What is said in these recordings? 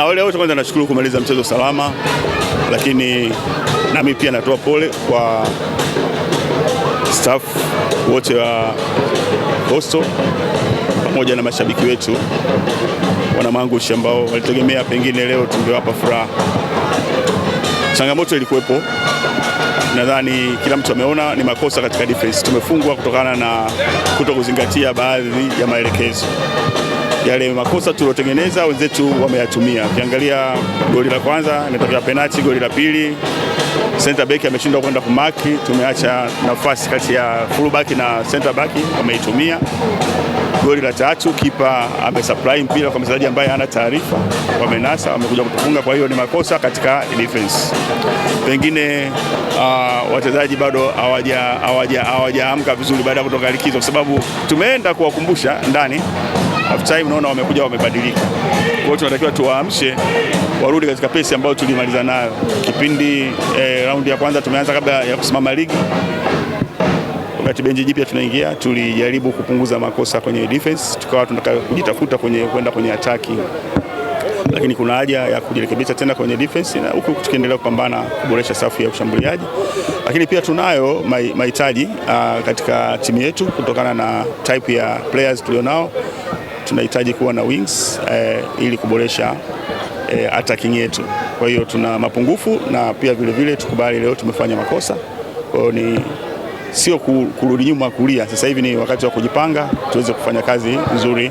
Awali ah, ya yote kwanza nashukuru kumaliza mchezo salama, lakini nami pia natoa pole kwa staff wote wa Coastal pamoja na mashabiki wetu wana maangushi ambao walitegemea pengine leo tungewapa furaha. Changamoto ilikuwepo, nadhani kila mtu ameona ni makosa katika defense. Tumefungwa kutokana na kuto kuzingatia baadhi ya maelekezo yale makosa tuliotengeneza wenzetu wameyatumia. Ukiangalia goli la kwanza imetokea penati, goli la pili center back ameshindwa kwenda kumaki, tumeacha nafasi kati ya full back na center back wameitumia. Goli la tatu kipa amesupply mpira kwa mchezaji ambaye hana taarifa, wamenasa, wamekuja kutufunga. Kwa hiyo ni makosa katika defense. Pengine uh, wachezaji bado hawajaamka vizuri baada ya kutoka likizo, kwa sababu tumeenda kuwakumbusha ndani Half time naona wamekuja wamebadilika. Kwa hiyo tunatakiwa tuwaamshe warudi katika pesi ambayo tulimaliza nayo kipindi eh, raundi ya kwanza tumeanza kabla ya kusimama ligi wakati benji jipya tunaingia, tulijaribu kupunguza makosa kwenye defense, tukawa tunataka kujitafuta kwenye kwenda kwenye attacking, lakini kuna haja ya kujirekebisha tena kwenye defense, na huku tukiendelea kupambana kuboresha safu ya ushambuliaji. Lakini pia tunayo mahitaji ah, katika timu yetu kutokana na type ya players tulionao tunahitaji kuwa na wings eh, ili kuboresha eh, attacking yetu. Kwa hiyo tuna mapungufu na pia vilevile tukubali leo tumefanya makosa. Kwa hiyo ni sio kurudi nyuma kulia, sasa hivi ni wakati wa kujipanga tuweze kufanya kazi nzuri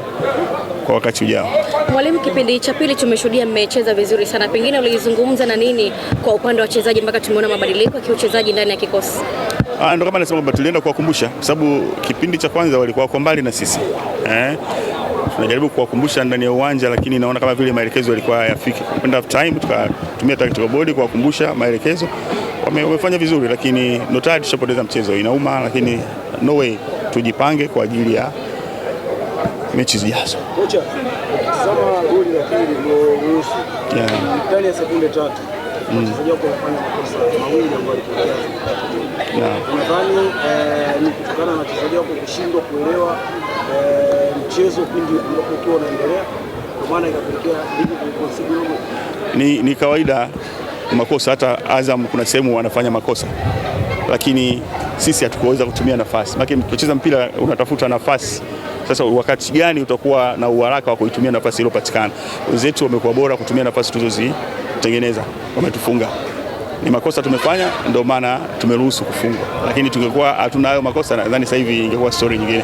kwa wakati ujao. Mwalimu, kipindi cha pili tumeshuhudia mmecheza vizuri sana, pengine ulizungumza na nini kwa upande wa wachezaji mpaka tumeona mabadiliko ya kiuchezaji ndani ya kikosi? Ah, Ndio kama nasema kwamba tulienda kuwakumbusha, kwa sababu kipindi cha kwanza walikuwa wako mbali na sisi eh tunajaribu kuwakumbusha ndani ya uwanja, lakini naona kama vile maelekezo yalikuwa hayafiki. End of time tukatumia tactical board kuwakumbusha maelekezo, wamefanya vizuri, lakini notari tushapoteza mchezo, inauma, lakini no way, tujipange kwa ajili ya mechi zijazo. Kocha, goli la pili mruhusu. Ndani ya sekunde tatu wachezaji eh, ni kutokana na wachezaji wako kushindwa kuelewa eh, mchezo pindi unaendelea, kwa maana ikapelekea Ni, ni kawaida makosa, hata Azam kuna sehemu wanafanya makosa, lakini sisi hatukuweza kutumia nafasi, maana kucheza mpira unatafuta nafasi sasa wakati gani utakuwa na uharaka wa kuitumia nafasi iliyopatikana? Wenzetu wamekuwa bora kutumia nafasi tulizozi kutengeneza, wametufunga. Ni makosa tumefanya, ndio maana tumeruhusu kufungwa, lakini tungekuwa hatuna hayo makosa, nadhani sasa hivi ingekuwa stori nyingine.